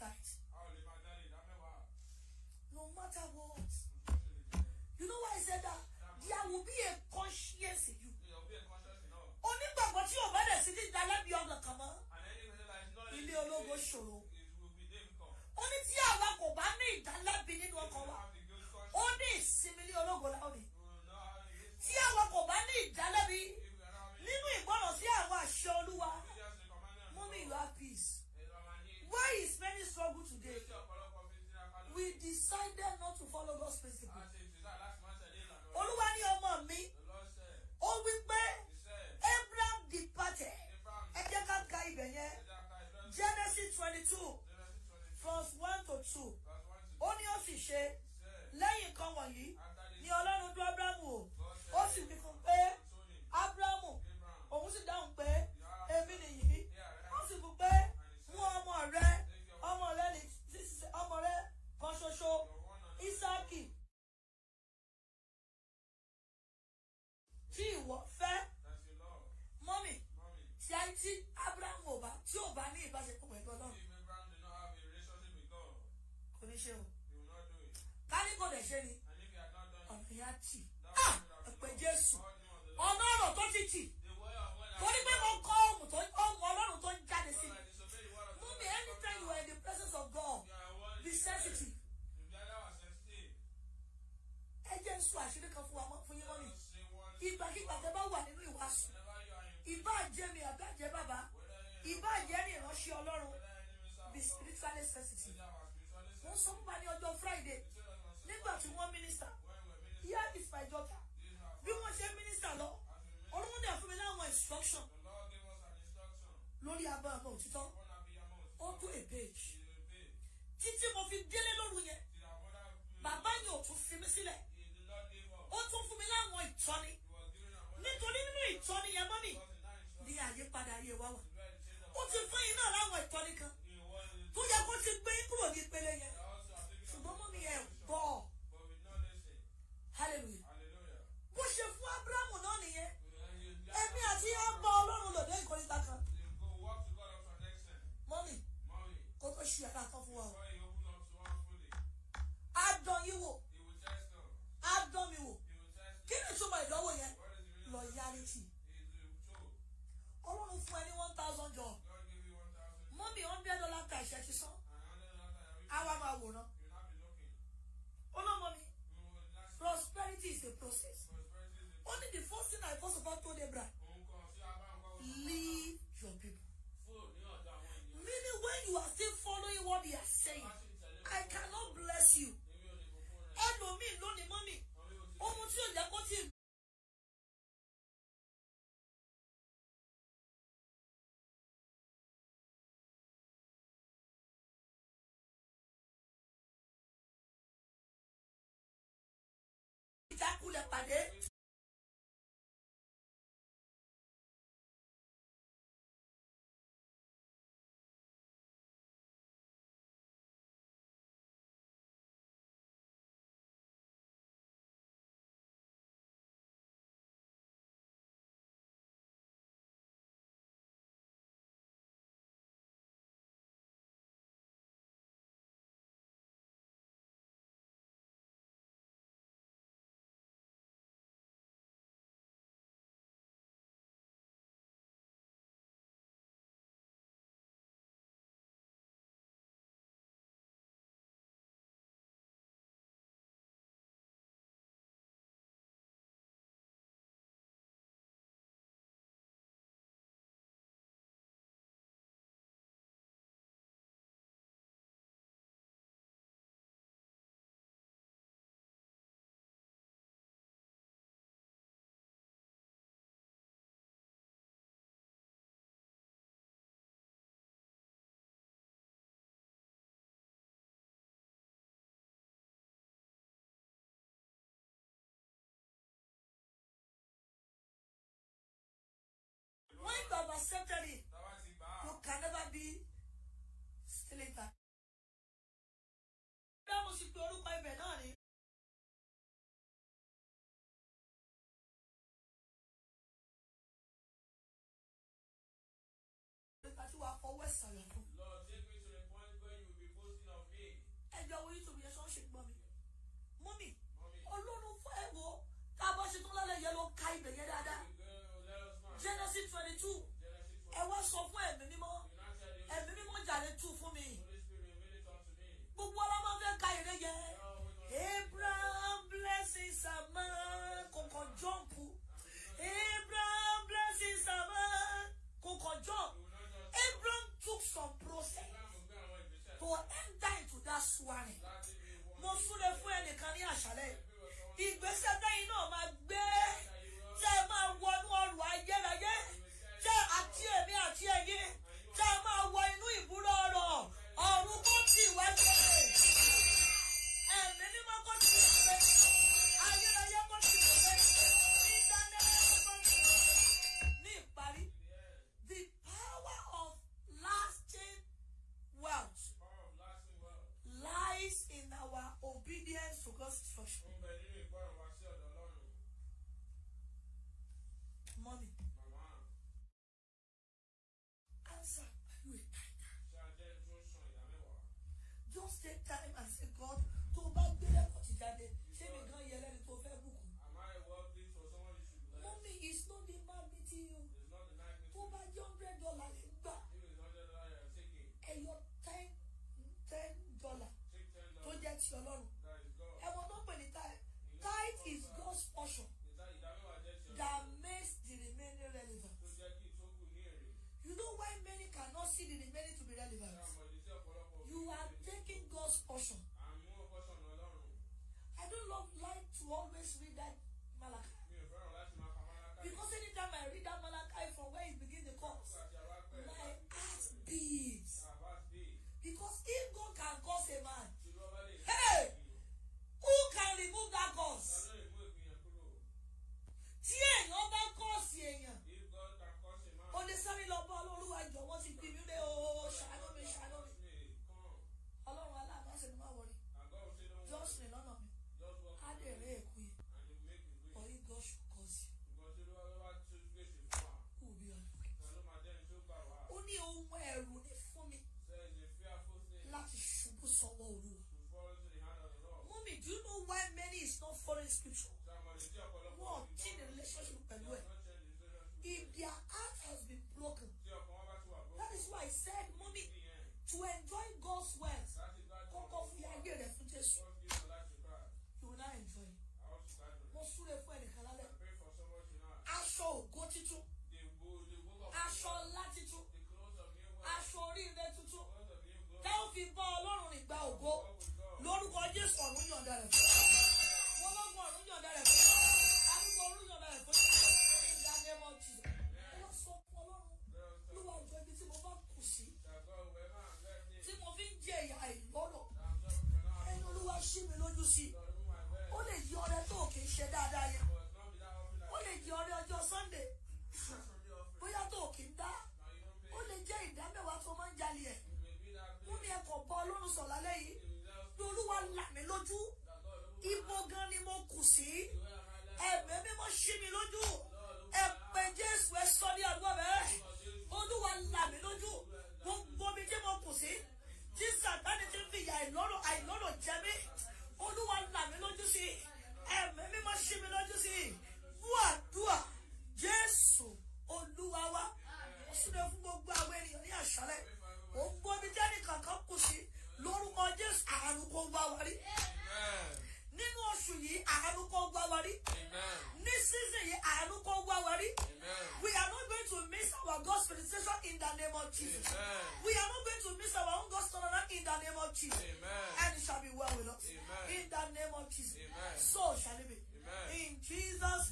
that. No matter what. You know why I said that? There will be a conscience in you. Only but you the sitting let Onígbàgbọ́ tí yóò bẹ̀rẹ̀ sí ní dalẹ́bi ọ̀nà kan mọ́. Ilé ológo ṣòro. Ó ní tí àwa kò bá ní ìdálẹ́bi nínú ọkàn wa. Ó ní ìsinmi ní ológo láwùjọ. Tí àwa kò bá ní ìdálẹ́bi nínú ìgbọ́ràn sí àwọn àṣẹ olúwa. Mú mi ìlú àpè. we decided not to follow God's principle. olúwa ní ọmọ mi ó wí pé Abraham departed ẹ jẹ́ ká ka ibẹ̀ yẹn Genesis twenty two verse one to two ó ní ó sì ṣe lẹ́yìn kan wọ̀nyí ni ọlọ́run dún Abrahamu o ó sì wí fún pé Abrahamu òun sì dáhùn ṣe o kárí kò dẹ̀ ṣe ni ọ̀nà ya tì ẹ̀pẹ̀ jésù ọ̀nà ọ̀rọ̀ tó ti tì torí pé mo kọ́ ohun tó ohun ọlọ́run tó ń jáde sí mi mú mi anytime you are in the presence of God be sensitive ẹ jẹ́ ń sọ àṣírí kan fún wa mọ́ fún yín mọ́ mi ìgbàkigbà tẹ bá wà nínú ìwàásù ìbá jẹ́ mi àbẹ́jẹ́ bàbá ìbá jẹ́ mi ìránṣẹ́ ọlọ́run be spiritually sensitive mo sọ fún bani ọjọ́ friday nígbà tí wọ́n mínísítà here is my daughter bí wọ́n ṣe mínísítà lọ ọlọ́run dẹ̀ fún mi láwọn instruction lórí abọ́ àmọ́ òtítọ́ ó tó a page títí mo fi délé lóru yẹn bàbá yẹn ò tún fi mí sílẹ̀ ó tún fún mi láwọn ìtọ́ni nítorí nínú ìtọ́ni yẹn mọ́mì ní àyípadà ayé wa wà ó ti fún yín náà láwọn ìtọ́ni kan tó yẹ kó ti gbé kúrò ní ìpele yẹn. God. Hallelujah. Bó ṣe fún Ábúrámù náà nìyẹn. Ẹ̀mí àti ọgbà Ọlọ́run lòdì ìkórìtà kan. Mọ́mì. Kò tó ṣu ẹ̀ka tán fún wa o. A dán wò. A mi wò. Kí ni ìtumọ̀ ìdánwò yẹn? Loyalty. Ọlọ́run fún ẹ one thousand jọ. Mọ́mì hundred dollar ta ẹ̀ṣẹ̀ ti sán. Àwa máa wòran. prosperity is a process. Only the first thing I first of all told Abraham leave your people. Meaning, when you are still following what they are saying, I cannot bless you. Ẹlòmíì lónìí mọ́mì, ohun tí ò jẹ́ kó tí ì তাকে you have accepted it, you can never be slater. bí a mo sì pe orúkọ ibẹ̀ náà ni. you will be boasting Ẹjọ́ wo yìí tòbi ẹ̀ṣọ́ ṣe gbọ́ mi. Mọ́mì, Ọlọ́run fún ẹ̀wọ̀ tá a bá ṣe tó lálẹ́ yẹn ló ka ibẹ̀ yẹn dáadáa genesis twenty two ẹ wá sọ fún ẹ̀mí mímọ́ ẹ̀mí mímọ́ jàre tú fún mi gbogbo ọlọ́mọ fẹ́ ka ìrẹ́yẹ abraham blessings are mine. àánú kó gbá wa rí nínú oṣù yìí àánú kó gbá wa ní season yìí àánú kó gbá wa we are not going to miss our God's visitation in the name of Jesus Amen. we are not going to miss our own God's turnaround in the name of Jesus Amen. and it shall be well with us Amen. in the name of Jesus Amen. so shall it be Amen. in Jesus'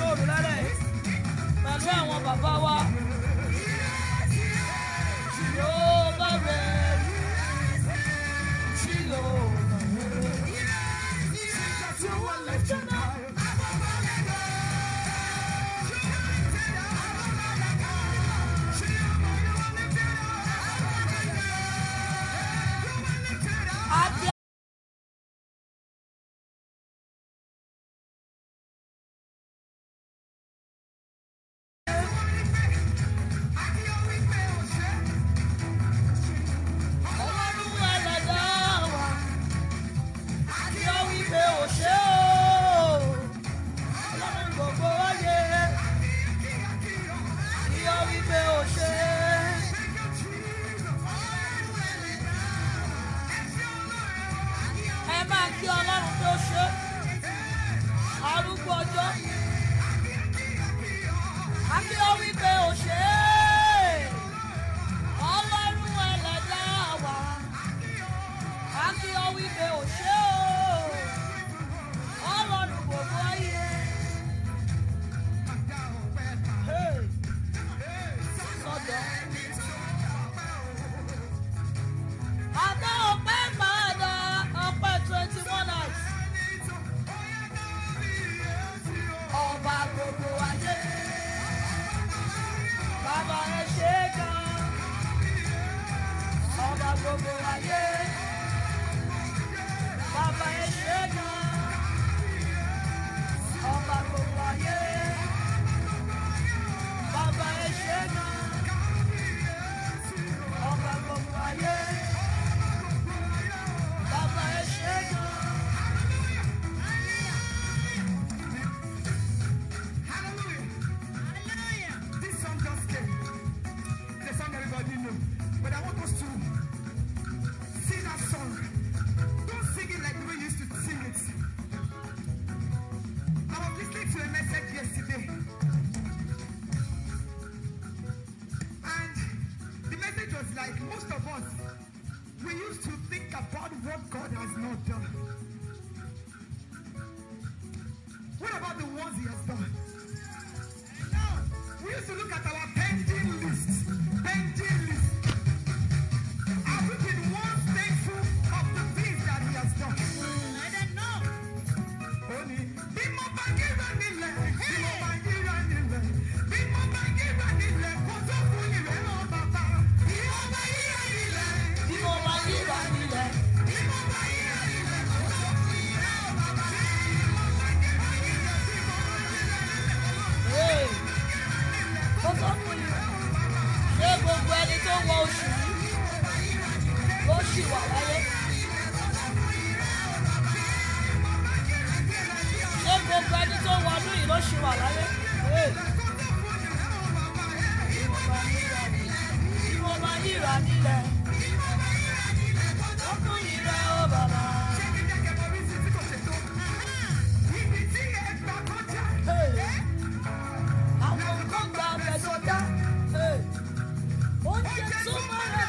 sóòrù lálẹ́ pẹ̀lú àwọn bàbá wa yóò bá bẹ̀rẹ̀.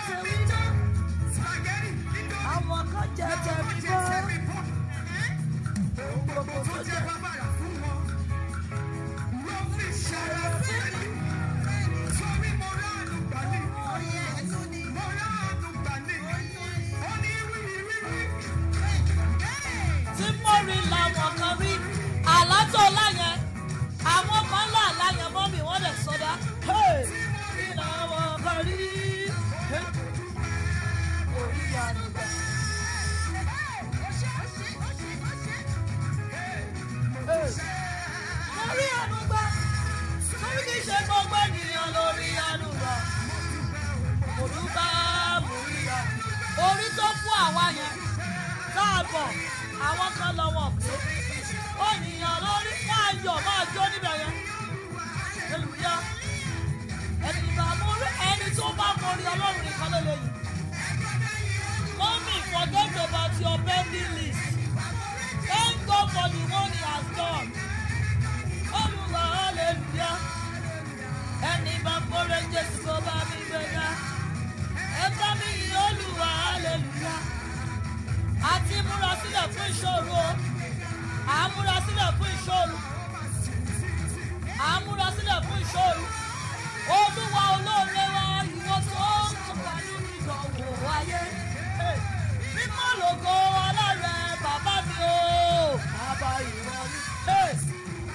I'm jẹ tẹ̀mí bọ́ ohun pọ̀ àwọn kan lọ́wọ́ pé ó nìyàn lórí máa yọ̀ máa jó níbẹ̀ yẹn olùdíyà ẹni bá mú ẹni tó bá mọ ọlọ́run nìkan ló lè yìí mọ́mí forget about your pending list thank God for the money has done olùwà aleluya ẹni bá kórè jésù kó bá mi gbẹ̀dá ẹ bá mi yìn olùwà aleluya a ti múra sílẹ̀ fún ìṣòro a à ń múra sílẹ̀ fún ìṣòro à múra sílẹ̀ fún ìṣòro olúwa olóore wa ìwọ tó ń kópa nínú ìdánwò ayé mímọ́ lògo ọlọ́rẹ̀ bàbá mi o bàbá ìwọ mi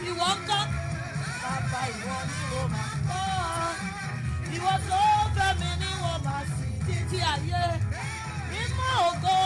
ìwọ ń kọ́ bàbá ìwọ mi ò máa kọ́ ìwọ tó fẹ́ mi ni wọ́n máa sì títí ayé mímọ́ ògo.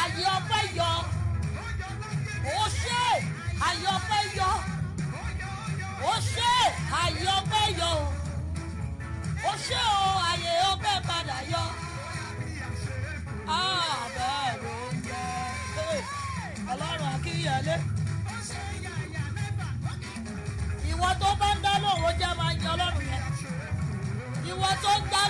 àyè ọpẹ́ yọ ó ṣe àyè ọpẹ́ yọ ó ṣe àyè ọpẹ́ yọ ó ṣe o ayé ọpẹ́ padà yọ. àbẹ̀rù ọlọ́run akínyẹlé ìwọ tó bá ń dá lóhùn ó jẹ́ máa yan ọlọ́run yẹn ìwọ tó ń dá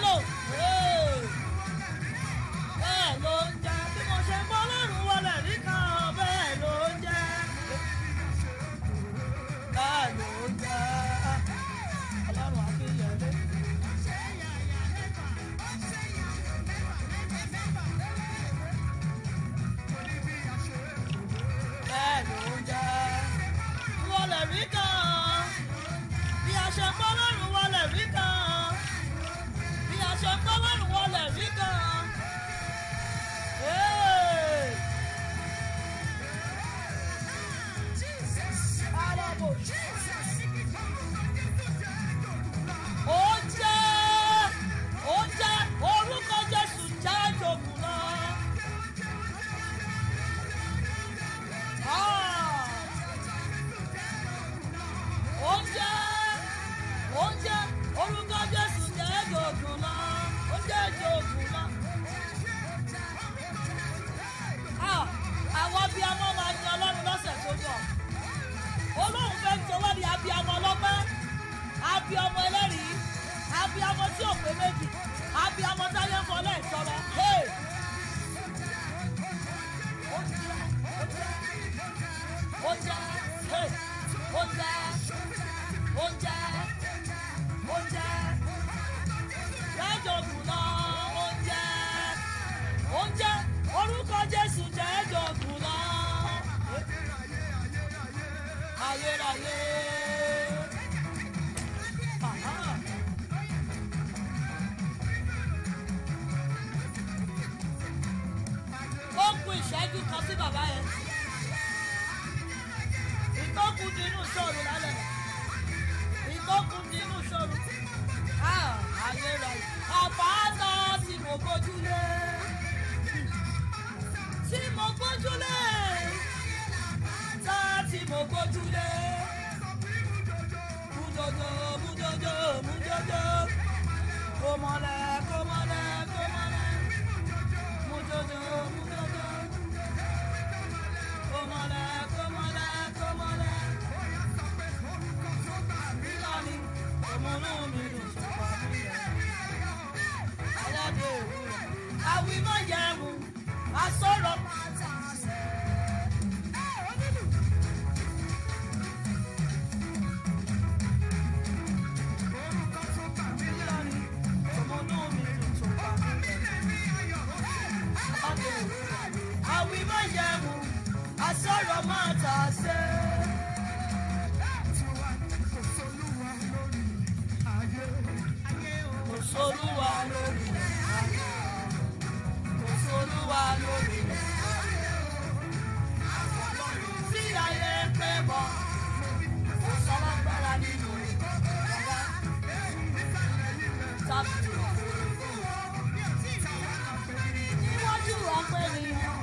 níwájú ọ̀pẹ ènìyàn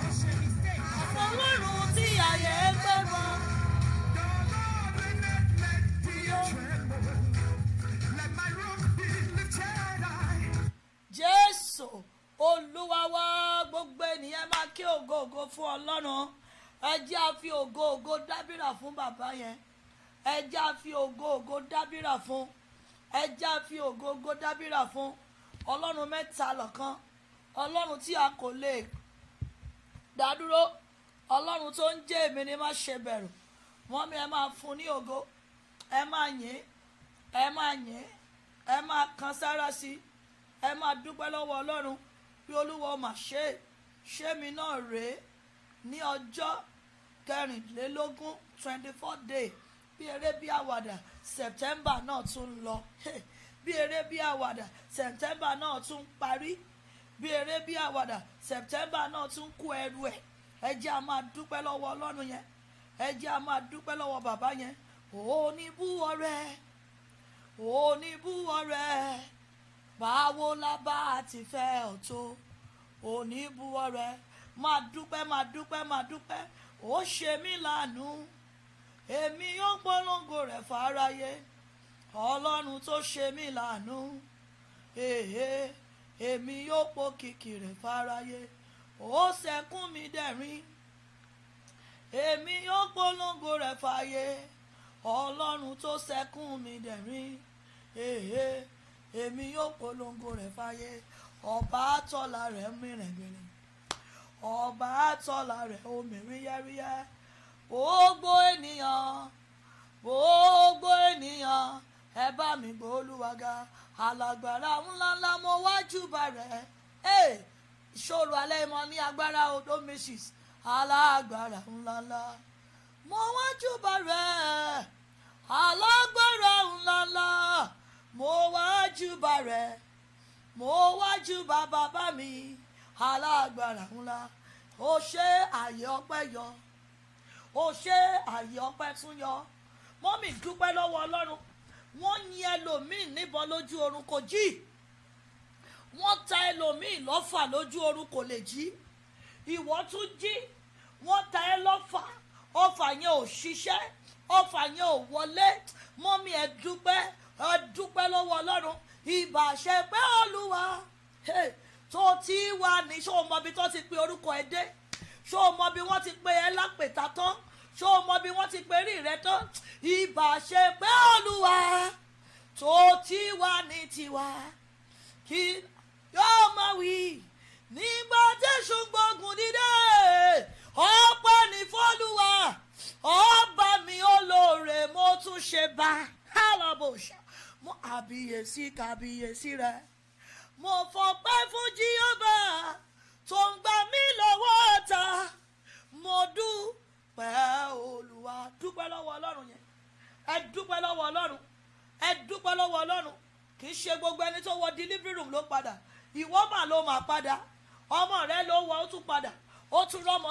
ọ̀pọ̀ ọlọ́run tí ayé gbé mọ́. jésù olúwa wá gbogbo ènìyàn máa kí ògo ògo fún ọlọ́run ẹ a fi ògo dábìrà fún bàbá yẹn ẹ a fi ògo dábìrà fún ẹja fi ògógó dábìrà fún ọlọ́run mẹ́ta lọ́kan ọlọ́run tí a kò lè dádúró ọlọ́run tó ń jẹ́ èmi ni má ṣe bẹ̀rù wọ́n mi ẹ máa fún ní ògo ẹ máa yìn ẹ máa yìn ẹ máa kan sára sí ẹ máa dúpẹ́ lọ́wọ́ ọlọ́run bí olúwa mà ṣe ṣé mi náà rèé ní ọjọ́ kẹrìnlélógún twenty four day bí eré bí àwàdà september náà tún ń lọ bí eré bí àwàdà september náà tún ń parí bí eré bí àwàdà september náà tún ń kó ẹrù ẹ̀ ẹ jẹ́ a máa dúpẹ́ lọ́wọ́ ọlọ́run yẹn ẹ jẹ́ a máa dúpẹ́ lọ́wọ́ bàbá yẹn oníbú ọrẹ oníbú ọrẹ báwo la bá a ti fẹ́ ọ tó oníbú ọrẹ máa dúpẹ́ máa dúpẹ́ máa dúpẹ́ ó ṣe mí lánàá èmi yóò polongo rẹ̀ fáráyé ọlọ́run tó ṣe mí láàánú èhè èmi yóò po kìkì rẹ̀ fáráyé ó sẹkún mi dẹ̀rín èmi yóò polongo rẹ̀ fáyé ọlọ́run tó sẹkún mi dẹ̀rín èhè èmi yóò polongo rẹ̀ fáyé ọba àtọ́lá rẹ̀ mìrìngbìrìn ọba àtọ́lá rẹ̀ omi rí yẹ́rí yẹ́. gbogbo ènìyàn gbogbo ènìyàn ẹ bá mi gbọ́ olúwaga alágbára ńláńlá mo wá júbà rẹ̀ ẹ ìṣòro alẹ́ mọ ní agbára odò mrs alágbára ńláńlá mo wá júbà rẹ̀ alágbára ńláńlá mo wá júbà rẹ̀ mo wá júbà bàbá mi alágbára ńlá ó ṣe àyè yọ. o ṣe àyè ọpẹ́ tún yọ mọ́mì dúpẹ́ lọ́wọ́ ọlọ́run wọ́n yin ẹlòmíì níbọn lójú oorun kò jí wọ́n ta ẹlòmíì lọ́fà lójú oorun kò lè jí ìwọ tún jí wọ́n ta ẹ lọ́fà ọfà yẹn ò ṣiṣẹ́ ọfà yẹn ò wọlé mọ́mì ẹ dúpẹ́ ẹ dúpẹ́ lọ́wọ́ ọlọ́run ìbàṣẹ pé olúwa tó ti wà ní sọ́wọ́n tó ti pe orúkọ ẹ dé ṣó o mọ bí wọ́n ti pe ẹ lápèta tán ṣó o mọ bí wọ́n ti pe rí rẹ tán ìbà ṣe pé olúwa tó tiwa ní tiwa kí yóò máa wí nígbà jésù gbógun dídé ọ̀pọ̀ ní fọ́lùwà ọba mi olóore mo tún ṣe bá alábòṣà mo àbíyèsí kàbíyèsí rẹ mo fọpẹ́ fún jíọ́bà. tó ń gbà mí lọ́wọ́ ọ̀tá mo dúpẹ́ olúwa dúpẹ́ lọ́wọ́ ọlọ́run yẹn ẹ ṣe gbogbo ẹni tó wọ delivery room ló padà ìwọ mà ló mà padà ọmọ rẹ ló wọ ó tún padà ó tún rọmọ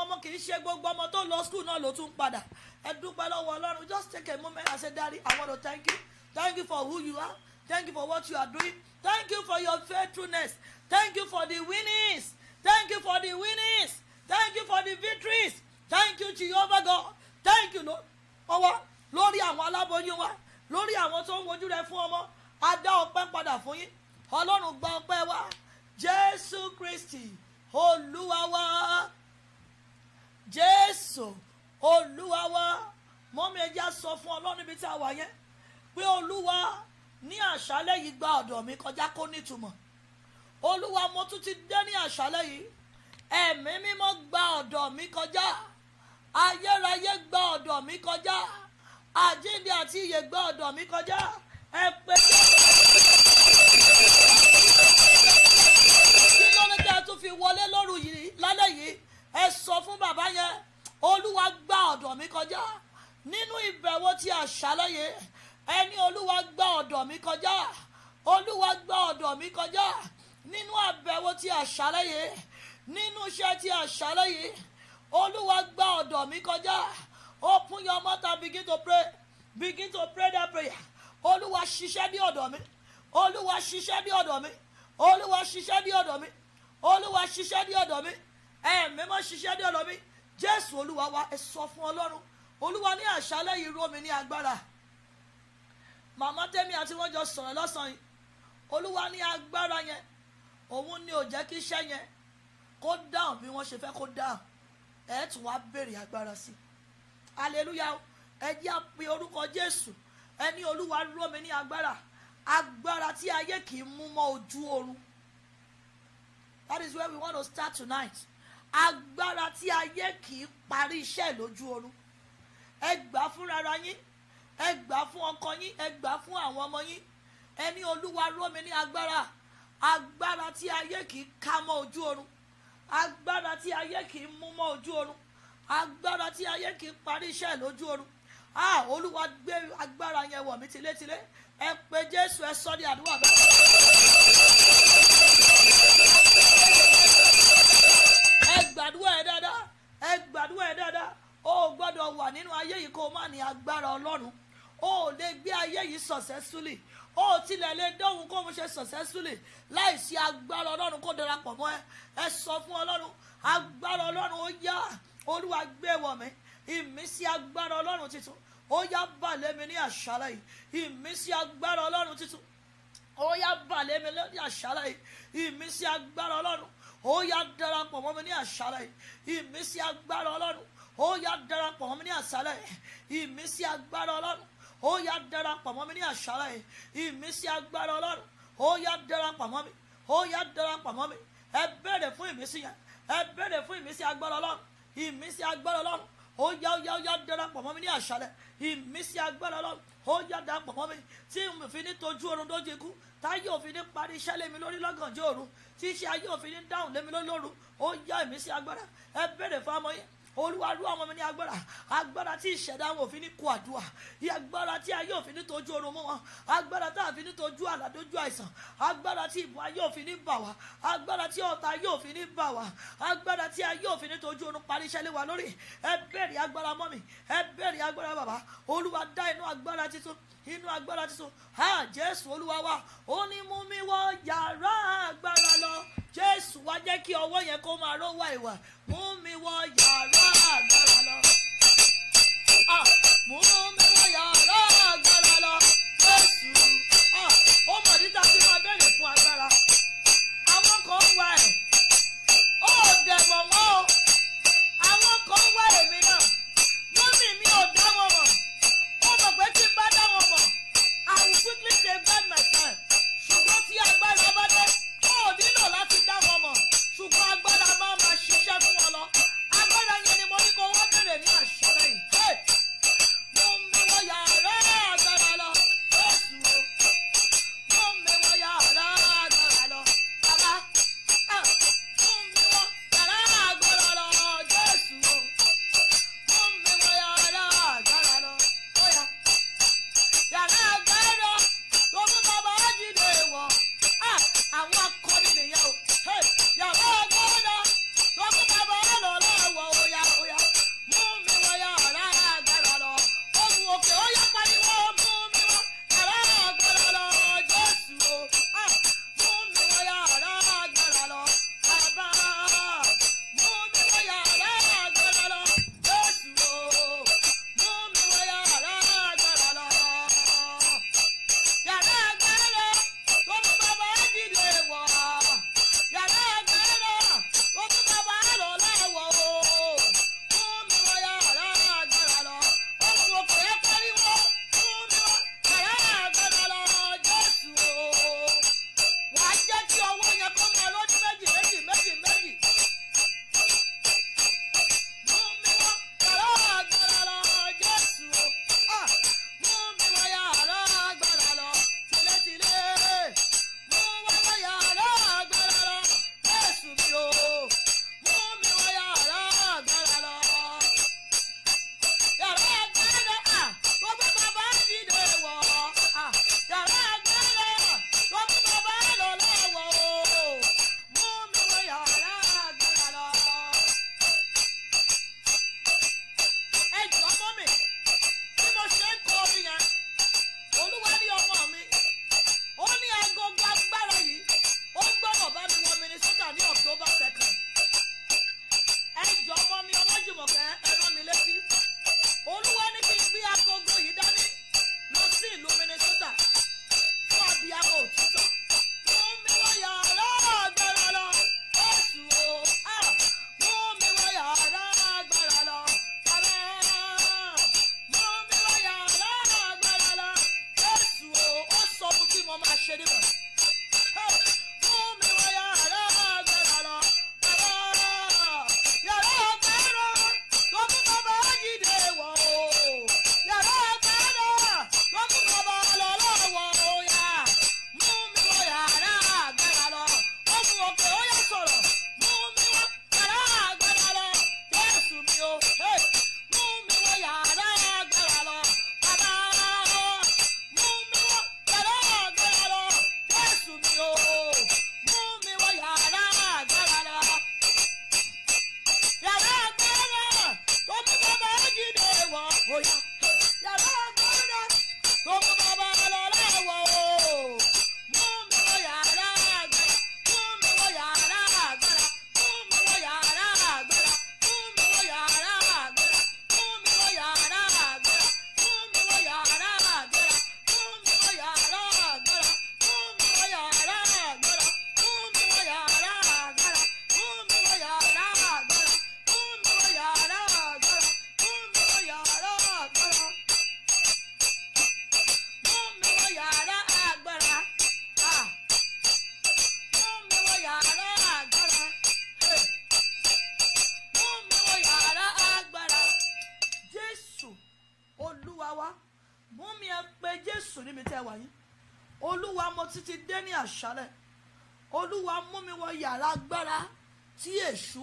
ọmọ kì í gbogbo ọmọ tó lọ náà ló tún padà ẹ dúpẹ́ lọ́wọ́ ọlọ́run just take a moment and say daddy i for who you are Thank you for what you are doing. Thank you for your faithfulness. Thank you for the winnings. Thank you for the winnings. Thank you for the victories. Thank you, Jehovah God. Thank you, Lord. Ọwọ́ lórí àwọn aláboyún wa lórí àwọn tó ń wojú rẹ fún ọmọ a dá ọpẹ́ padà fún yín. Ọlọ́run gba ọpẹ́ wa. Jésù Kristi Olúwa wa. Jésù Olúwa wa. Mọ́mí ẹja sọ fún Ọlọ́run ibi tí a wà yẹn pé Olúwa ní àṣálẹ́ yìí gba ọ̀dọ̀ mi kọjá kó nítumọ̀ olúwa mo tún ti dé ní àṣálẹ́ yìí ẹ̀mí mímọ́ gba ọ̀dọ̀ mi kọjá ayérayé gba ọ̀dọ̀ mi kọjá àjíǹde àti ìyè gba ọ̀dọ̀ mi kọjá ẹ pé kí ló ní kí ẹ tún fi wọlé lóru yìí lálẹ́ yìí ẹ sọ fún bàbá yẹn olúwa gba ọ̀dọ̀ mi kọjá nínú ìbẹ̀wò ti àṣálẹ́ yìí ẹni olúwa gbọ́ ọ̀dọ̀ mi kọjá olúwa gbọ́ ọ̀dọ̀ mi kọjá nínú àbẹ̀wò ti àṣálẹ́ yìí nínú iṣẹ́ ti àṣálẹ́ yìí olúwa gbọ́ ọ̀dọ̀ mi kọjá open your mouth and begin to pray begin to pray that prayer olúwa ṣiṣẹ́ ní ọ̀dọ̀ mi olúwa ṣiṣẹ́ ní ọ̀dọ̀ mi olúwa ṣiṣẹ́ ní ọ̀dọ̀ mi olúwa ṣiṣẹ́ ní ọ̀dọ̀ mi ẹ̀mí mọ́ ṣiṣẹ́ ní ọ̀dọ̀ mi jésù olúwa wa ẹ sọ fún ọlọ́run olúwa ní àṣálẹ́ yìí rọ̀ mí ní agbára màmá tèmi àti wọn jọ sọ̀rọ̀ lọ́sàn-án yìí olúwa ní agbára yẹn òun ni ò kí iṣẹ́ yẹn kó dáhùn bí wọ́n ṣe fẹ́ kó dáhùn ẹ̀ tún wá béèrè agbára sí i aleluya ẹ jẹ́ àpè orúkọ jésù ẹ ní olúwa rọ̀ ní agbára agbára tí ayé kì í mú mọ́ ojú oorun that is where we want to start tonight agbára tí ayé kì í parí iṣẹ́ lójú oorun ẹ gbà fúnra ara yín ẹ gbà fún ọkọ yín ẹ gbà fún àwọn ọmọ yín ẹni olúwa rómi ní agbára agbára tí ayé kì í ká mọ́ ojú oorun agbára tí ayé kì í mú mọ́ ojú oorun agbára tí ayé kì í parí iṣẹ́ lójú oorun a olúwa gbé agbára yẹn wọ̀ mí tilétilé ẹ pé jésù ẹ sọ ní àdúrà bẹ́ẹ̀. ẹ gbàdúrà ẹ dáadáa ẹ gbàdúrà ẹ dáadáa o gbọ́dọ̀ wà nínú ayé yìí kó o má ní agbára ọlọ́run o ò lè gbé ayé yìí successfully o ò tilẹ̀ lè dóhun kó mo ṣe successfully láìsí agbára ọlọ́run kó darapọ̀ mọ́ ẹ ẹ sọ fún ọlọ́run agbára ọlọ́run ó yá olúwa gbé wọ̀ mí ìmísí agbára ọlọ́run tuntun ó yá balẹ̀ mi ní àṣálẹ̀ yìí ìmísí agbára ọlọ́run tuntun ó yá balẹ̀ mi ní àṣálẹ̀ yìí ìmísí agbára ọlọ́run ó yá darapọ̀ mọ́ mi ní àṣálẹ̀ yìí ìmísí agbára ọlọ́run ó yá darapọ̀ mọ́ mi ní àṣálẹ̀ yìí ìmísí agbára ọlọ́run ó yá darapọ̀ mọ́ mi ní àṣálẹ́ yìí ìmísí agbára ọlọ́run ó yá darapọ̀ mọ́ mi ó yá darapọ̀ mọ́ mi ẹ bẹ̀rẹ̀ fún ìmísí yẹn ẹ bẹ̀rẹ̀ fún ìmísí agbára ọlọ́run ìmísí agbára ọlọ́run ó yá ó yá ó yá darapọ̀ mọ́ mi ní àṣálẹ́ ìmísí agbára ọlọ́run ó yá darapọ̀ mọ́ mi tí mo fi ní tojú oorun tó jẹ kú táyé òfin ní parí iṣẹ́ lémi lórí lọ́gànjọ́ òru tí ayé òfin ní dáhùn lémi lórí lóru ó yá ìmísí agbára ẹ bẹ̀rẹ̀ fún amọ̀ yẹn olúwa rú àwọn ọmọ ní agbára agbára tí ìṣẹ̀dá wọn ò fi ní kó àdúrà agbára tí ayé ò fi ní tọ́jú orun mọ́ wọn agbára tá a fi ní tọ́jú àlá dójú àìsàn agbára tí ìbò ayé ò fi ní bà wá agbára tí ọ̀tá ayé ò fi ní bà wá agbára tí ayé ò fi ní tọ́jú orun parí iṣẹ́ lé wa lórí ẹ bẹ̀rẹ̀ agbára mọ́mì ẹ bẹ̀rẹ̀ agbára bàbá olúwa dá inú agbára titun inú agbára titun ha jésù olúwa wa ó ní mú mi wọ yàrá agbára lọ jésù wá jẹ́ kí ọwọ́ yẹn kó máa rówà ìwà mú mi wọ yàrá àgbàrá lọ ah,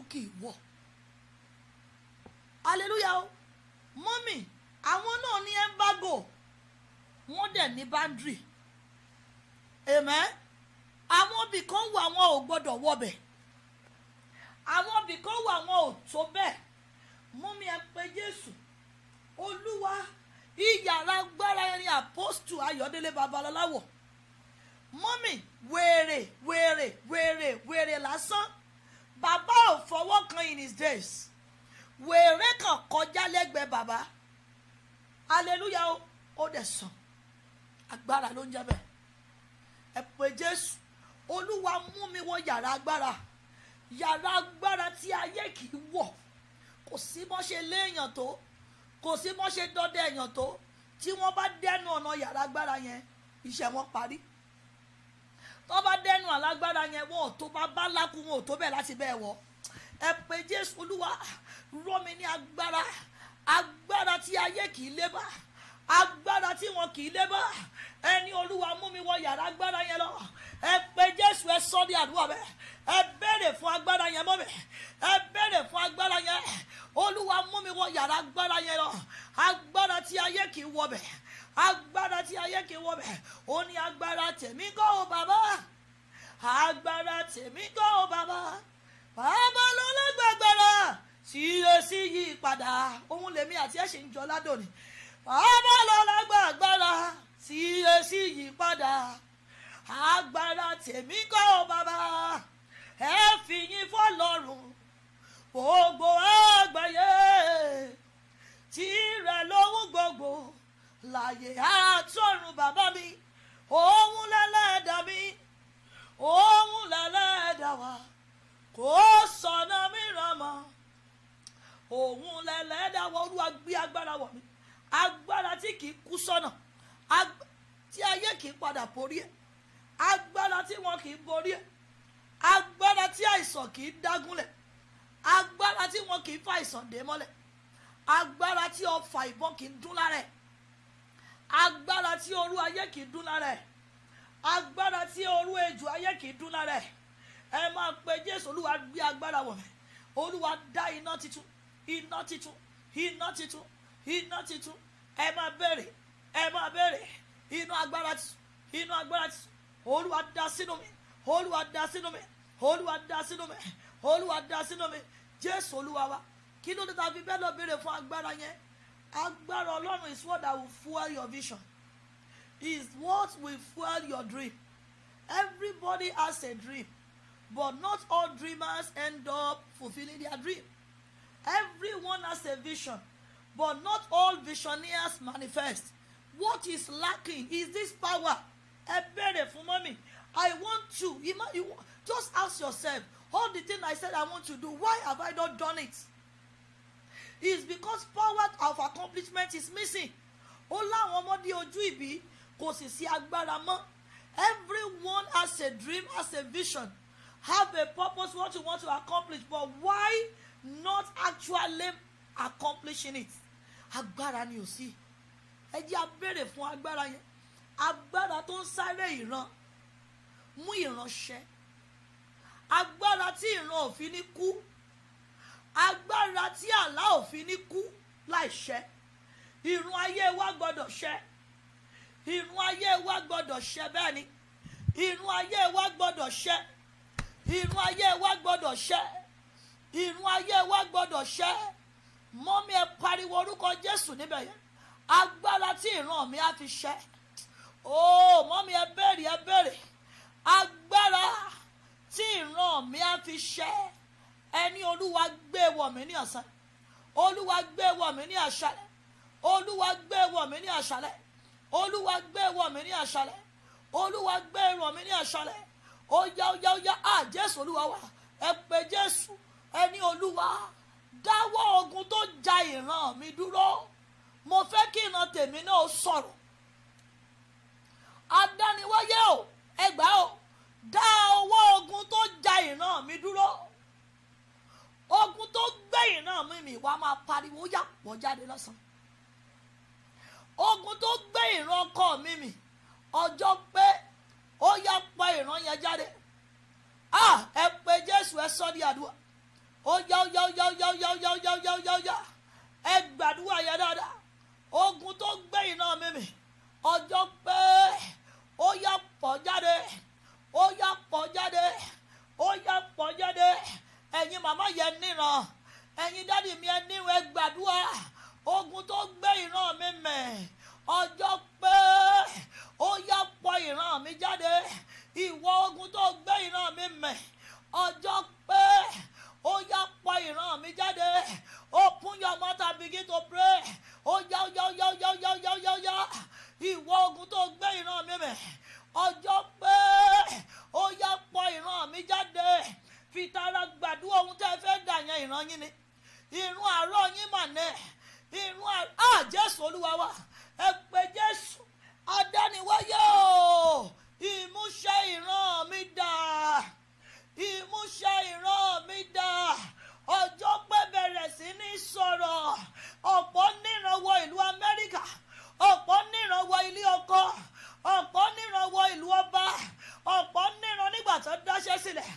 kì í wọ̀ hallelujah o mọ́mì àwọn náà ní embargo wọ́n dẹ̀ ní boundary amen àwọn ibì kan wà wọn ò gbọ́dọ̀ wọbẹ̀ àwọn ibì kan wà wọn ò tó bẹ́ẹ̀ mọ́mì ẹ pé Jésù Olúwa ìyàrá agbára ẹrin àpọ́stù Ayọ̀délé Babalọ́lá wọ̀ mọ́mì wèrè wèrè wèrè wèrè lásán bàbá ò fọwọ́ kan in his days wèrè kan kọjá lẹ́gbẹ̀ẹ́ bàbá hallelujah ó ó dẹ̀ sàn agbára ló ń jẹ́ bẹ́ẹ̀ ẹ pé jésù olúwa mú mi wọ yàrá agbára yàrá agbára tí ayé kì í wọ̀ kò sí mọ́ ṣe léèyàn tó kò sí mọ́ ṣe dọ́dẹ èèyàn tó tí wọ́n bá dẹnu ọ̀nà yàrá agbára yẹn iṣẹ́ wọn parí tó bá dẹnu alágbára yẹn wọ́n ò tó bá bá lákùn wọn ò tó bẹ́ẹ̀ láti bẹ́ẹ̀ wọ́ ẹ pé jésù olúwa rọ̀ mí ní agbára agbára tí ayé kì í lé bá agbára tí wọn kì í lé bá ẹni olúwa mú mi wọ yàrá agbára yẹn lọ ẹ pé jésù ẹ sọ ní àdúrà bẹ ẹ béèrè fún agbára yẹn mọ́ mi ẹ béèrè fún agbára yẹn olúwa mú mi wọ yàrá agbára yẹn lọ agbára tí ayé kì í wọ bẹ́ẹ̀ agbára tí ayé kì í wọ bẹ̀ ó ní agbára tèmi kọ́ o bàbá agbára tèmi kọ́ o bàbá bàbá ló lágbàgbára tí o sì yí padà òun lèmi àti ẹ̀ ṣì ń jọ ládùn ni bàbá ló tí o sì yí padà agbára tèmi kọ́ o bàbá ẹ fi yín fọlọ́run gbogbo àgbáyé tìrẹ lóhùn gbogbo láyé àtọ̀run bàbá mi òun lẹ́lẹ́dà mi òun lẹ́lẹ́dà wa kò sọ̀nà mìíràn mọ́ òun lẹ́lẹ́dà wa olúwa gbé agbára wọ̀ mí agbára tí kì í kú sọ́nà tí ayé kì í padà borí ẹ̀ agbára tí wọn kì í borí ẹ̀ agbára tí àìsàn kì í dágúnlẹ̀ agbára tí wọn kì í fa àìsàn dé mọ́lẹ̀ agbára tí ọfà ìbọn kì í dún lára ẹ̀ agbára tí orú ayé kì í dún lára ẹ̀ agbára tí orú ejò ayé kì í dún lára ẹ̀ ẹ máa pe jésù olúwa gbé agbára wọ̀ mẹ́ olúwa dá iná titun iná titun iná titun iná titun ẹ máa béèrè ẹ máa béèrè iná agbára titun iná agbára titun olúwa dá sínú mi olúwa dá sínú mi olúwa dá sínú mi olúwa dá sínú mi jésù olúwa wa kí ló dé ta fi bẹ́ẹ̀ lọ béèrè fún agbára yẹn agbára ọlọ́run is what that will fuel your vision is what will fuel your dream everybody has a dream but not all dreamers end up fulfilling their dream everyone has a vision but not all visionaries manifest what is lacking is this power ẹ bẹ̀rẹ̀ fún mọ́mì i want to you just ask yourself all the things i said i want to do why have i not done it is because power of accomplishment is missing ó láwọn ọmọdé ojú ìbí kò sì sí agbára mọ́ everyone has a dream has a vision have a purpose what you want to accomplish but why not actually accomplishing it agbára ni ò sí ẹ jẹ́ abéèrè fún agbára yẹn agbára tó ń sáré ìran mú ìránṣẹ́ agbára tí ìran òfin ní kú agbára tí àlá òfin ní kú láì ṣẹ ayé wa gbọdọ̀ ṣẹ ìrun ayé wa gbọdọ̀ ṣẹ bẹ́ẹ̀ ni ìrun ayé wa gbọdọ̀ ṣẹ ìrun ayé wa gbọdọ̀ ṣẹ ìrun ayé wa gbọdọ̀ ṣẹ mọ́mí ẹ pariwo orúkọ jésù níbẹ̀ yẹn agbára tí ìran mi á fi ṣẹ ooo oh, mọ́mí ẹ bèrè ẹ bèrè agbára tí ìran mi á fi ṣẹ ẹni olúwa gbé wọ̀ mí ní ọ̀sán olúwa gbé wọ̀ mí ní àṣálẹ́ olúwa gbé wọ̀ mí ní àṣálẹ́ olúwa gbé wọ̀ mí ní àṣálẹ́ olúwa gbé wọ̀ mí ní àṣálẹ́ ó yá ó yá ó yá à ah, jésù olúwa wà ẹ pé jésù ẹni olúwa dáwọ́ ogun tó ja ìran mi dúró mo fẹ́ kí ìran tèmi náà sọ̀rọ̀ adániwáyé o ẹgbàá o dá ọwọ́ ogun tó ja ìran mi dúró ogun tó gbẹ̀yìn náà mú mi wá máa pariwo yà wọ́n jáde lọ́sàn-án ogun tó gbẹ̀yìn ran ọkọ mi mi ọjọ́ pé ó yá pa ìran yẹn jáde à ẹ pé jésù ẹ sọ ní àdúrà ó yá ó yá ó yá ó yá ó yá ó yá ó yá ó yá ó yá ó yá ẹ gbàdúrà yẹn dáadáa ogun tó gbẹ̀yìn náà mi mi ọjọ́ pé ó yá pọ̀ jáde ó yá pọ̀ jáde ó yá pọ̀ jáde ẹ̀yin màmá yẹn níran ẹ̀yin dáàdì mi ẹ níwẹ̀ gbàdúrà ogun tó gbé ìran mi mẹ̀ ọjọ́ pé ó yá pọ ìran mi jáde ìwọ ogun tó gbé ìran mi mẹ̀ ọjọ́ pé ó yá pọ ìran mi jáde open your mouth and begin to pray ó yá yá yá yá yá yá yá yá ìwọ ogun tó gbé ìran mi mẹ̀ ọjọ́ pé ó yá pọ ìran mi jáde fìtara gbàdúrà ohun tẹ́ ẹ fẹ́ dà yẹn ìran yín ni ìrun àárọ̀ yín mà nẹ́ ìrun àárọ̀ à jésù olúwa wa ẹ pé jésù adániwáyé o ìmúṣẹ ìran mi dà ìmúṣẹ ìran mi dà ọjọ́ pẹ́ bẹ̀rẹ̀ sí ní sọ̀rọ̀ ọ̀pọ̀ nírànwọ́ ìlú amẹ́ríkà ọ̀pọ̀ nírànwọ́ ilé ọkọ ọ̀pọ̀ nírànwọ́ ìlú ọba ọ̀pọ̀ níran nígbà tó dáṣẹ́ sílẹ̀.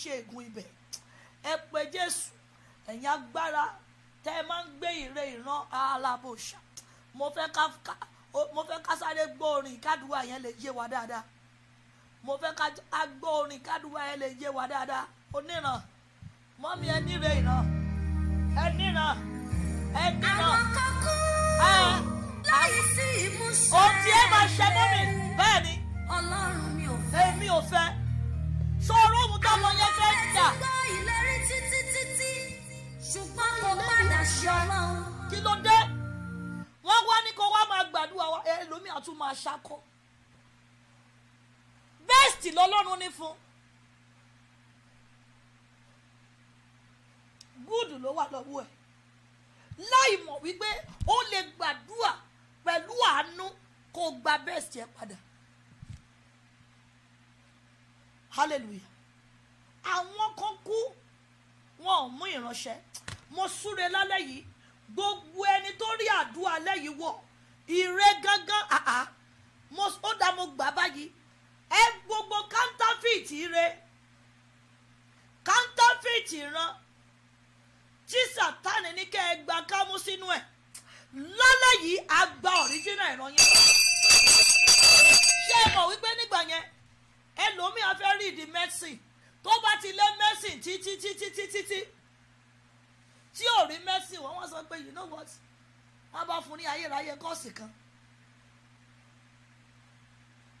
ṣe ègún ibẹ̀ ẹ pé jésù ẹ̀yin agbára tẹ́ ẹ máa ń gbé ìre ìran alábòṣà mo fẹ́ ká mo fẹ́ ká sáré gbọ́ orin kádùúwà yẹn lè yé wa dáadáa mo fẹ́ ká gbọ́ orin kádùúwà yẹn lè yé wa dáadáa oníran mọ́mí ẹ níre ìran ẹ níran ẹ níran. àwọn kan kú láì sí ìmúṣẹ. ohun tí ẹ máa ṣe mọ́mí bẹ́ẹ̀ ni. ọlọ́run mi ò fẹ́. èmi ò fẹ́ sọ orúkú tọmọ yẹn fẹ́ jà. àwọn ẹgbẹ́ ìlérí títí títí ṣùgbọ́n mo padà ṣọlọ́. kí ló dé wọ́n wá ní kó wá máa gbàdúrà ẹlòmíì àtún máa ṣakọ bẹ́ẹ̀sì lọ́lọ́run ní fún gúdù ló wà lọ́wọ́ ẹ̀ láì mọ̀ wípé ó lè gbàdúrà pẹ̀lú àánú kó gba bẹ́ẹ̀sì ẹ̀ padà hallelujah àwọn kan kú wọn ò mú ìránṣẹ́ mo súre lálẹ́ yìí gbogbo ẹni tó rí àdúrà lẹ́yìn wọ̀ ire gangan àá mo ó dá mo gbà báyìí ẹ gbogbo counterfeit ire counterfeit ìran tí sàtánì ní kẹ́ ẹ gba kámú sínú ẹ̀ lálẹ́ yìí a gba original ìran yẹn ṣé ẹ mọ̀ wípé nígbà yẹn ẹlòmíì á fẹ́ rí di mercy tó bá ti lé mercy títí títí títí tí tí ò rí mercy wọ́n wọ́n sọ pé you know what wọ́n bá fún ní ayérayé kọ́ọ̀sì kan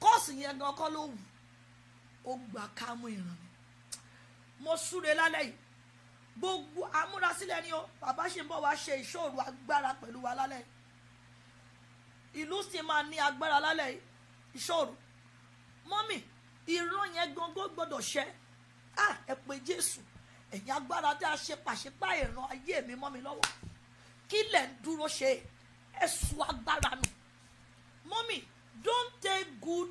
kọ́ọ̀sì yẹn gan kọ́ ló wù ó gbà kámú ìrànlẹ́ mo súre lálẹ́ yìí gbogbo amúrasílẹ̀ ni o bàbá ṣe ń bọ̀ wá ṣe ìṣòro agbára pẹ̀lú wa lálẹ́ ìlú sì máa ní agbára lálẹ́ ìṣòro ògo gbọ́dọ̀ ṣẹ ẹ pé jésù ẹ̀yin agbára tá a ṣe pàṣípà ìran ayé mi mọ́ mi lọ́wọ́ kí lẹ̀ ń dúró ṣe ẹ sùn agbára nù mọ́mì don't take good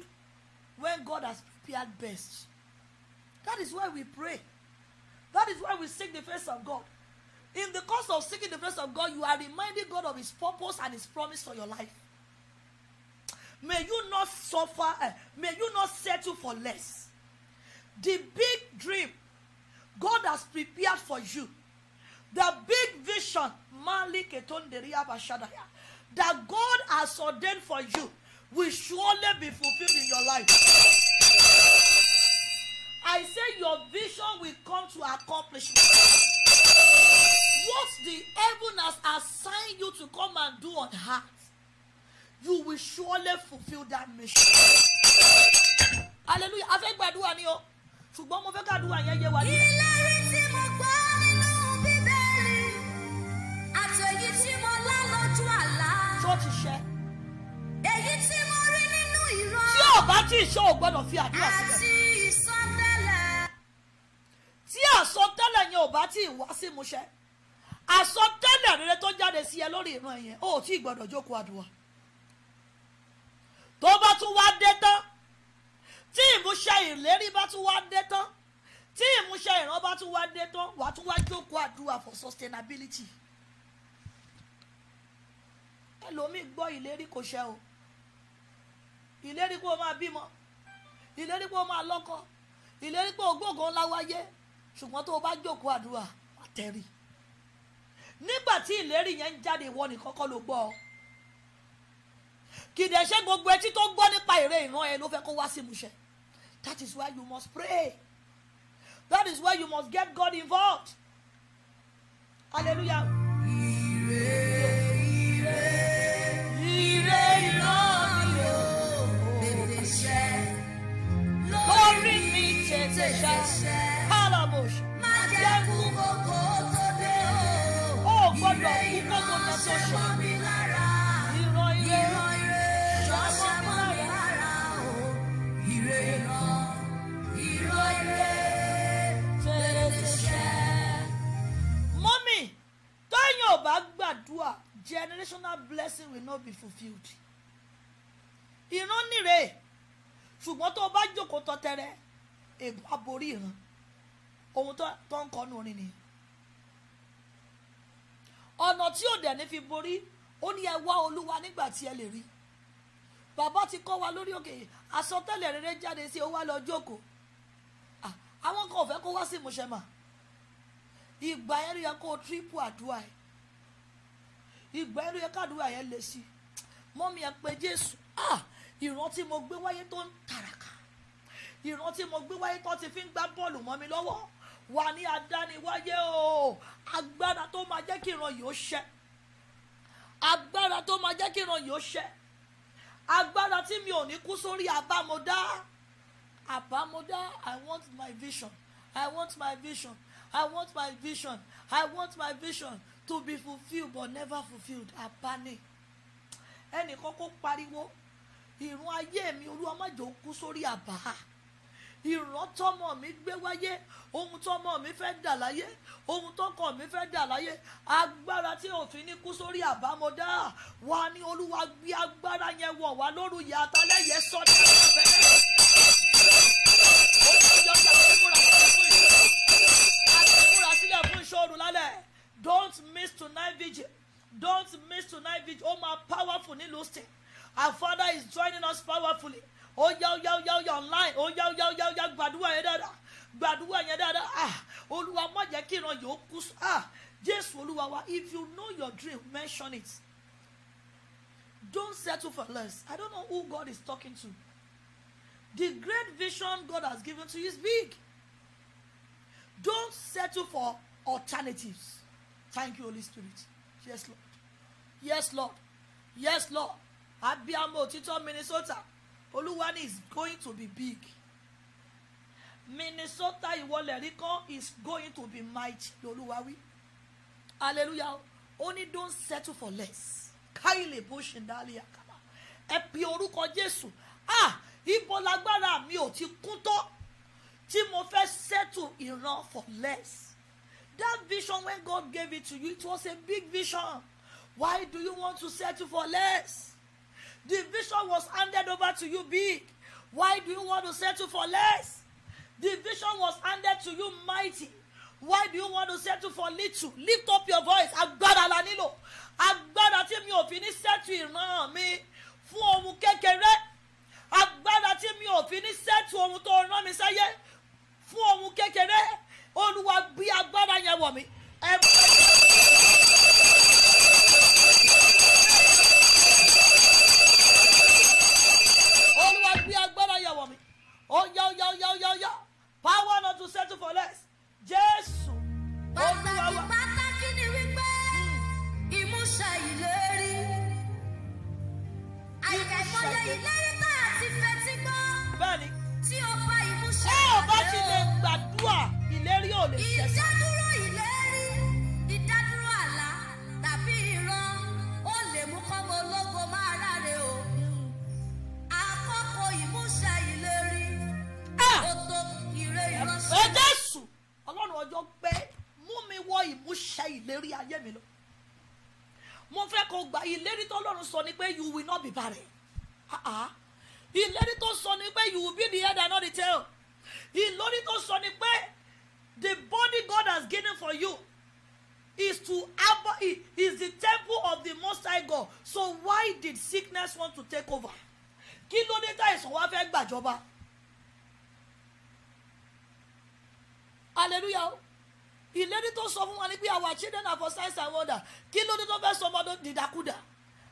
when God has prepared best that is why we pray that is why we seek the face of God in the course of seeking the face of God you are reminding God of his purpose and his promise for your life may you not suffer uh, may you not settle for less the big dream God has prepared for you, the big vision, that God has ordained for you, will surely be fulfilled in your life. I say your vision will come to accomplishment. What the heaven has assigned you to come and do on earth, you will surely fulfill that mission. Hallelujah. Afẹ́ gbàdúrà ni o ṣùgbọ́n mo fẹ́ kàdúrà yẹn yé wa ní. ìlérí tí mo gbọ́ nínú bíbélì àtẹ̀yí tí mo lá lójú àlá. tó ti ṣẹ. èyí tí mo rí nínú ìran. tí ò bá tí ì ṣe ò gbọ́dọ̀ fi àdúrà sílẹ̀. àti ìsọtẹ́lẹ̀. tí àsọtẹ́lẹ̀ yẹn ò bá tí ì wá sí ìmúṣẹ àsọtẹ́lẹ̀ rere tó jáde sí ẹ lórí ìran yẹn ò tí ì gbọ́dọ̀ jókòó àdúrà tó bá tún wá dé tán tí ìmúṣẹ ìlérí bá tún wá dé tán tí ìmúṣẹ ìran bá tún wá dé tán wàá tún wá jókòó àdúrà for sustainability ẹlòmíì gbọ́ ìlérí kò ṣẹ o ìlérí pé o máa bímọ ìlérí pé o máa lọ́kọ ìlérí pé ògbóǹkan ńlá wáyé ṣùgbọ́n tó o bá jókòó àdúrà àtẹ̀rí nígbà tí ìlérí yẹn ń jáde ìwọ nìkan kọ́ ló gbọ́ ọ kìdẹ̀ ṣe gbogbo etí tó gbọ́ nípa èrè ìran ẹ ló fẹ́ kó wá sí ìmúṣẹ. That is why you must pray. That is why you must get God involved. Hallelujah. Lórí mi tètè generational blessing will not be fulfilled ìran nìre ṣùgbọ́n tó o bá jókòó tọ́tẹ́rẹ́ ègbò aborí ìran ohun tó ń kọ́nu orin nìyẹn ọ̀nà tí ò dẹ̀ ní fi borí ó ní ẹ wá olúwa nígbà tí ẹ lè rí bàbá ti kọ́ wa lórí òkè àsọtẹ́lẹ̀ rere jáde sí ó wá lọ jókòó ah, àwọn kan ò fẹ́ kó wá sí ìmúṣẹ mà ìgbà yẹn ló yẹ kó o tírípù àdúrà ẹ̀ ìgbà ẹ̀rọ yẹ káàdúrà yẹn lè sí mọ́mí ẹ pé jésù ah! ìran tí mo gbé wáyé tó ń tàràkà ìran tí mo gbé wáyé tó ti fi ń gbá bọ́ọ̀lù mọ́ mi lọ́wọ́ wà ní adániwáyé o agbára tó máa jẹ́ kí ìran yìí ó ṣẹ agbára tó máa jẹ́ kí ìran yìí ó ṣẹ agbára tí mi ò ní kú sórí àbámọ̀dá àbámọ̀dá I want my vision I want my vision I want my vision I want my vision to be fulfilled but never fulfilled abani ẹnìkan kó pariwo ìrun ayé mi olúwa má jò kú sórí àbá ìran tọmọ mi gbé wáyé ohun tọmọ mi fẹ́ dà láyé ohun tọkọ mi fẹ́ dà láyé agbára tí òfin ní kú sórí àbámọ́dá wa ni olúwa gbé agbára yẹn wọ̀ wá lóru yàtọ̀ lẹ́yẹ sọ́dọ̀ ọ̀bẹ lẹ́yìn. miss tonight vigil don't miss tonight vigil Oh, my powerful nílùú state our father is joining us powerfully ó oh, yá ó yá ó yá ó yá online ó yá ó yá ó yá yẹn dáadáa gbàdúrà yẹn dáadáa ah olúwa má jẹ́ kí ìran yòó kú ah jésù olúwa wa if you know your dream mention it don't settle for less i don't know who god is talking to the great vision god has given to you is big don't settle for alternatives Thank you, Holy Spirit. Yes, Lord. Yes, Lord. Yes, Lord. Abiamo Tito, Minnesota. Oluwani is going to be big. Minnesota Iwoleriko is going to be mighty. Loluwawi. Hallelujah. Only don't settle for less. Kaile Boshindalia. Ẹ pe orúkọ Jésù. Ah! Ibo lágbára mi ò ti kún tó tí mo fẹ́ settle ìran for less. That vision, when God gave it to you, it was a big vision. Why do you want to settle for less? The vision was handed over to you big. Why do you want to settle for less? The vision was handed to you mighty. Why do you want to settle for little? Lift up your voice. Agbára la nílò. Agbára tí mi ò fi ní sẹ́tù ìran mi fún ohun kékeré. Agbára tí mi ò fi ní sẹ́tù ohun tó rán mi sáyé fún ohun kékeré olúwa bí agbára yẹn wọ̀ mí ẹ bá yẹn. olúwa bí agbára yẹn wọ̀ mí ó yá ó yá ó power not to settle for less jésù olúwa wa. pàtàkì ni wípé ìmúṣẹ ìlérí àyẹ̀mọ́lẹ̀ ìlérí. ṣẹ ìlérí ayé mi lọ mo fẹ́ kó gba ìlérí tó lọ́run sọ ni pé you will not be barren ìlérí tó sọ ni pé you will be the head and not the tail ìlérí tó sọ ni pé the body God has given for you is to abba is the temple of the most high god so why did sickness want to take over kí ló dé táìsàn wá fẹ́ gbàjọba hallelujah ìlérí tó sọ fún wa ní pé our children are for signs and wonder kí ló dé tó fẹ́ sọ ọmọdé dìdàkudà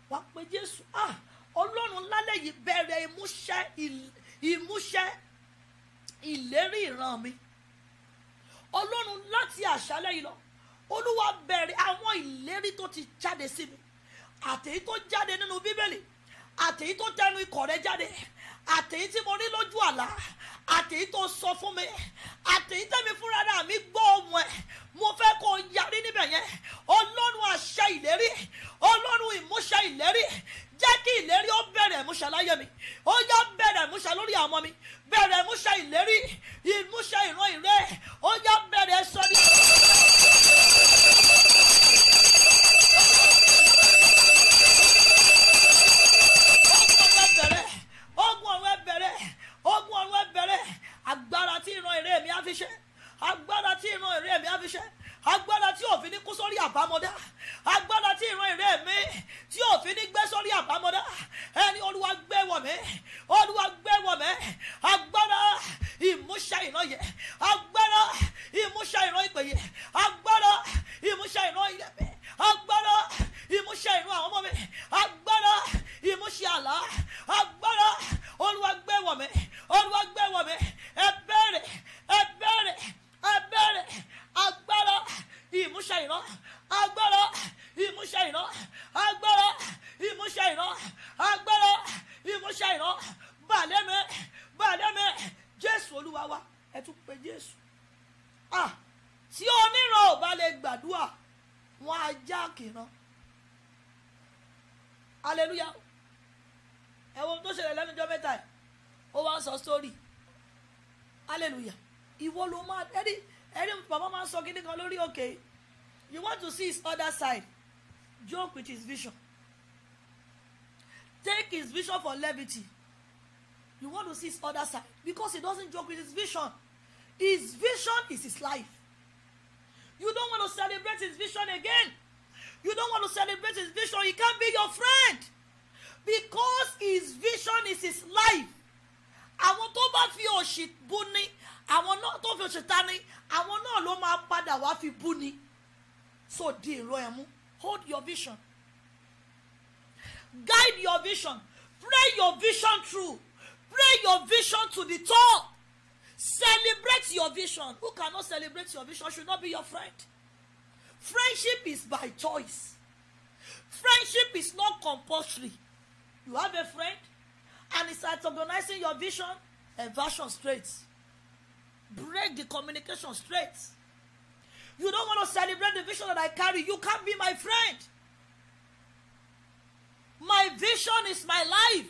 wàá pe jésù ah ọlọ́run lálẹ́ yìí bẹ̀rẹ̀ ìmúṣẹ ìmúṣẹ ìlérí ìran mi ọlọ́run láti àṣálẹ́ yìí lọ olúwa bẹ̀rẹ̀ àwọn ìlérí tó ti jáde sí mi àtèyí tó jáde nínú bíbélì àtèyí tó tẹnu ikọ̀ rẹ jáde àtèyí tí mo rí lójú àlá àtèyí tó sọ fún mi àtèyí tẹ̀mí fúnra rà mí gbọ́ ohùn ẹ̀ longevity you want to see his other side because he doesn't joke with his vision his vision is his life you don't want to celebrate his vision again you don't want to celebrate his vision he can't be your friend because his vision is his life àwọn tó bá fi òṣì bú ni àwọn náà tó fi òṣì ta ni àwọn náà ló máa padà wá fi bú ni so di ìró ẹ mú hold your vision guide your vision pray your vision through pray your vision to the top celebrate your vision who cannot celebrate your vision should not be your friend friendship is by choice friendship is not compulsory you have a friend and he start organizing your vision and version straight break the communication straight you don't want to celebrate the vision that i carry you can't be my friend My vision is my life.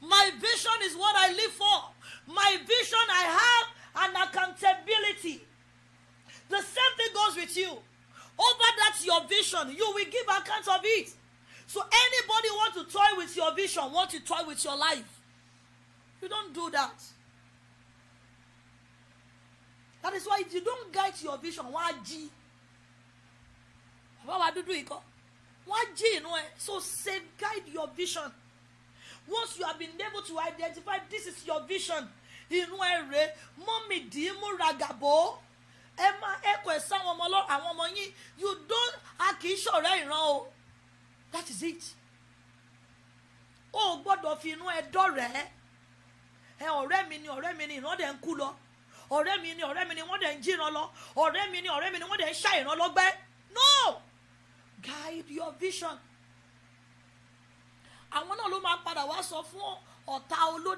My vision is what I live for. My vision, I have an accountability. The same thing goes with you. Over that your vision, you will give account of it. So anybody want to toy with your vision, want to toy with your life. You don't do that. That is why if you don't guide your vision, wá jí. Bàbá wa dúdú ikọ̀ wọ́n jí inú ẹ so safeguard your vision once you have been able to identify this is your vision inú ẹ rè mọ́mì dì í mú ragàbó ẹ má ẹ kọ ẹ sáwọn ọmọ ọlọ́run àwọn ọmọ yín you don a kì í ṣọ̀rẹ́ ìran o that is it o gbọ́dọ̀ fi inú ẹ dọ̀rẹ́ ẹ ọ̀rẹ́ mi ni ọ̀rẹ́ mi ni ìran dẹ̀ ń kú lọ ọ̀rẹ́ mi ni ọ̀rẹ́ mi ni wọ́n dẹ̀ ń jíran lọ ọ̀rẹ́ mi ni ọ̀rẹ́ mi ni wọ́n dẹ̀ ń ṣàìran lọ́gbẹ́ no guide your vision àwọn náà ló máa padà wá sọ fún ọ̀tá olódì.